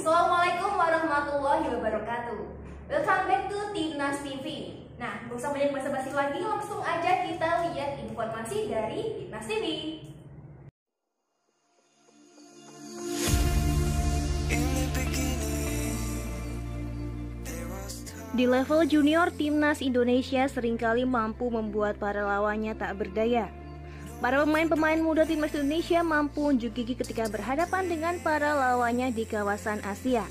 Assalamualaikum warahmatullahi wabarakatuh Welcome back to Timnas TV Nah, gak usah banyak basa-basi lagi, langsung aja kita lihat informasi dari Timnas TV Di level junior, timnas Indonesia seringkali mampu membuat para lawannya tak berdaya. Para pemain-pemain muda timnas Indonesia mampu unjuk gigi ketika berhadapan dengan para lawannya di kawasan Asia.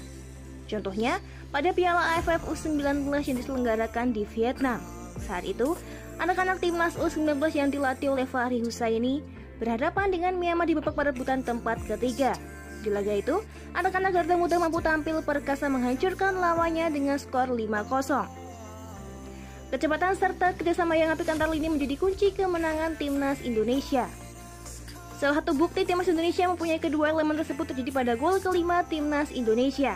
Contohnya, pada Piala AFF U19 yang diselenggarakan di Vietnam. Saat itu, anak-anak timnas U19 yang dilatih oleh Fahri Husaini berhadapan dengan Myanmar di babak perebutan tempat ketiga. Di laga itu, anak-anak Garuda Muda mampu tampil perkasa menghancurkan lawannya dengan skor 5-0. Kecepatan serta kerjasama yang apik antar lini menjadi kunci kemenangan timnas Indonesia. Salah satu bukti timnas Indonesia mempunyai kedua elemen tersebut terjadi pada gol kelima timnas Indonesia.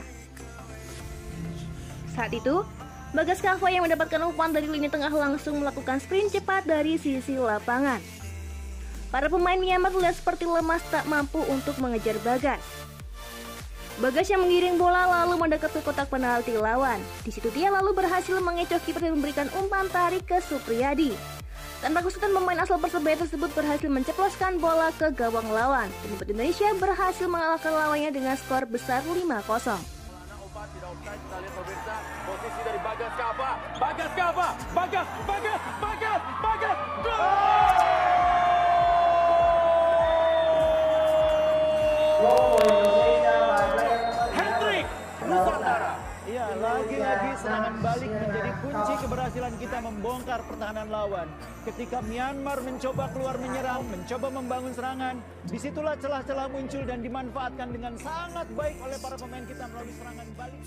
Saat itu, Bagas Kava yang mendapatkan umpan dari lini tengah langsung melakukan sprint cepat dari sisi lapangan. Para pemain Myanmar terlihat seperti lemas tak mampu untuk mengejar Bagas. Bagas yang mengiring bola lalu mendekat ke kotak penalti lawan. Di situ dia lalu berhasil mengecoh kiper dan memberikan umpan tarik ke Supriyadi. Tanpa kesulitan pemain asal Persebaya tersebut berhasil menceploskan bola ke gawang lawan. Penyebut Indonesia berhasil mengalahkan lawannya dengan skor besar 5-0. Bagas lihat pemirsa posisi dari Bagas Bagas, Bagas Bagas, Bagas, Bagas, Bagas, Bagas, Bagas, Lagi-lagi iya, serangan iya. balik menjadi kunci keberhasilan kita membongkar pertahanan lawan. Ketika Myanmar mencoba keluar menyerang, mencoba membangun serangan, disitulah celah-celah muncul dan dimanfaatkan dengan sangat baik oleh para pemain kita melalui serangan balik.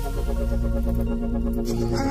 Ah.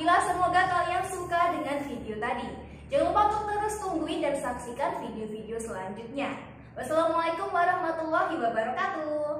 Alhamdulillah semoga kalian suka dengan video tadi. Jangan lupa untuk terus tungguin dan saksikan video-video selanjutnya. Wassalamualaikum warahmatullahi wabarakatuh.